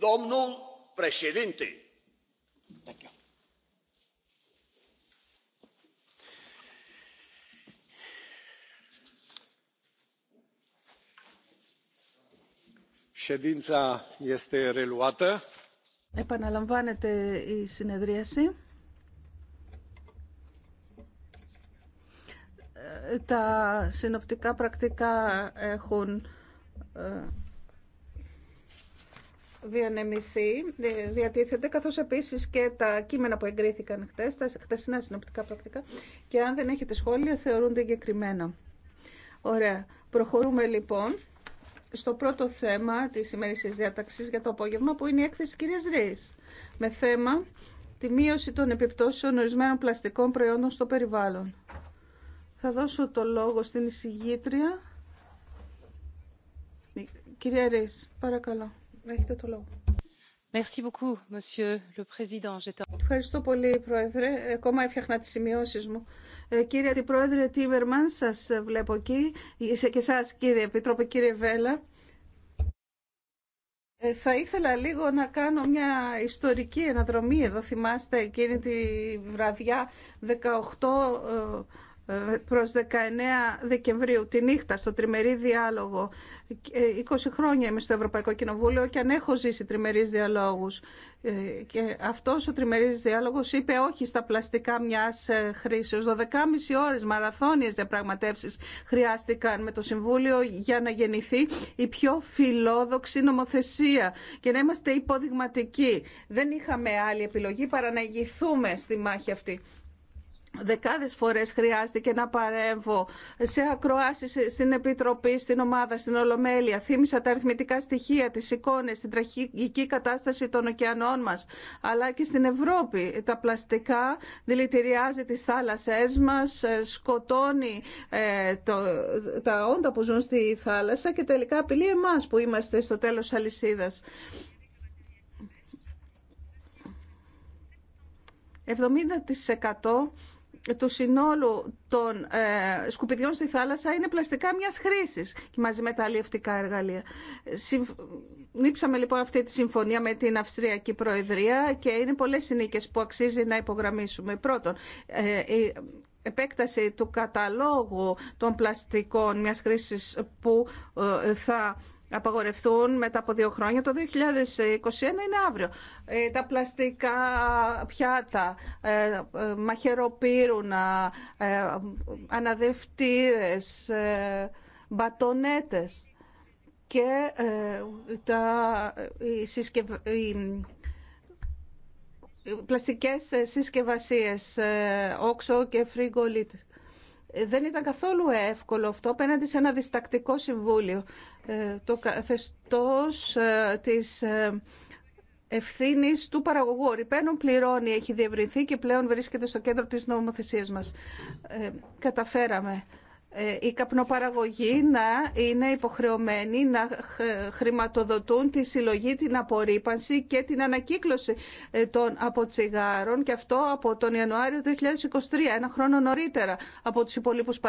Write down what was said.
domnul președinte ședința este reluată. Επαναλαμβάνεται η συνεδρίαση. Ε, τα συνοπτικά πρακτικά έχουν ε, διανεμηθεί, ε, διατίθεται, καθώς επίσης και τα κείμενα που εγκρίθηκαν χτες, τα χτεσινά συνοπτικά πρακτικά, και αν δεν έχετε σχόλια θεωρούνται εγκεκριμένα. Ωραία. Προχωρούμε λοιπόν στο πρώτο θέμα της σημερινής διάταξης για το απόγευμα, που είναι η έκθεση κυρίας Ρης, με θέμα τη μείωση των επιπτώσεων ορισμένων πλαστικών προϊόντων στο περιβάλλον. Θα δώσω το λόγο στην εισηγήτρια. Κυρία Ρης, παρακαλώ. Ευχαριστώ πολύ, Πρόεδρε. Ακόμα έφτιαχνα τι σημειώσει μου. Ε, κύριε Αντιπρόεδρε Τίμερμαν, σα βλέπω εκεί. Είσαι και εσά, κύριε Επιτρόπε, κύριε Βέλα. Ε, θα ήθελα λίγο να κάνω μια ιστορική αναδρομή εδώ. Θυμάστε εκείνη τη βραδιά 18 προς 19 Δεκεμβρίου τη νύχτα στο τριμερή διάλογο 20 ε, χρόνια είμαι στο Ευρωπαϊκό Κοινοβούλιο και αν έχω ζήσει τριμερείς διαλόγους ε, και αυτός ο τριμερής διάλογος είπε όχι στα πλαστικά μιας ε, χρήσεως 12,5 ώρες μαραθώνιες διαπραγματεύσεις χρειάστηκαν με το Συμβούλιο για να γεννηθεί η πιο φιλόδοξη νομοθεσία και να είμαστε υποδειγματικοί δεν είχαμε άλλη επιλογή παρά να ηγηθούμε στη μάχη αυτή Δεκάδες φορές χρειάστηκε να παρέμβω σε ακροάσεις στην Επιτροπή, στην ομάδα, στην Ολομέλεια. Θύμισα τα αριθμητικά στοιχεία, τις εικόνες, την τραγική κατάσταση των ωκεανών μας, αλλά και στην Ευρώπη. Τα πλαστικά δηλητηριάζει τις θάλασσές μας, ε, σκοτώνει ε, τα όντα που ζουν στη θάλασσα και τελικά απειλεί εμάς που είμαστε στο τέλος αλυσίδας. 70% του συνόλου των ε, σκουπιδιών στη θάλασσα είναι πλαστικά μιας χρήσης και μαζί με τα αλλιευτικά εργαλεία. Νύψαμε λοιπόν αυτή τη συμφωνία με την Αυστριακή Προεδρία και είναι πολλές συνήκες που αξίζει να υπογραμμίσουμε. Πρώτον, ε, η επέκταση του καταλόγου των πλαστικών μιας χρήσης που ε, θα απαγορευτούν μετά από δύο χρόνια. Το 2021 είναι αύριο. Ε, τα πλαστικά πιάτα, ε, ε, μαχαιροπύρουνα, αναδευτήρες, μπατονέτες και τα, οι, συσκευ... οι πλαστικές συσκευασίες, όξο και φρίγκολίτ. Δεν ήταν καθόλου εύκολο αυτό απέναντι σε ένα διστακτικό συμβούλιο. Ε, το καθεστώς ε, της ε, ευθύνη του παραγωγού. Ο πληρώνει, έχει διευρυνθεί και πλέον βρίσκεται στο κέντρο της νομοθεσίας μας. καταφέραμε η καπνοπαραγωγή να είναι υποχρεωμένη να χρηματοδοτούν τη συλλογή, την απορρίπανση και την ανακύκλωση των αποτσιγάρων και αυτό από τον Ιανουάριο 2023, ένα χρόνο νωρίτερα από τους υπολείπους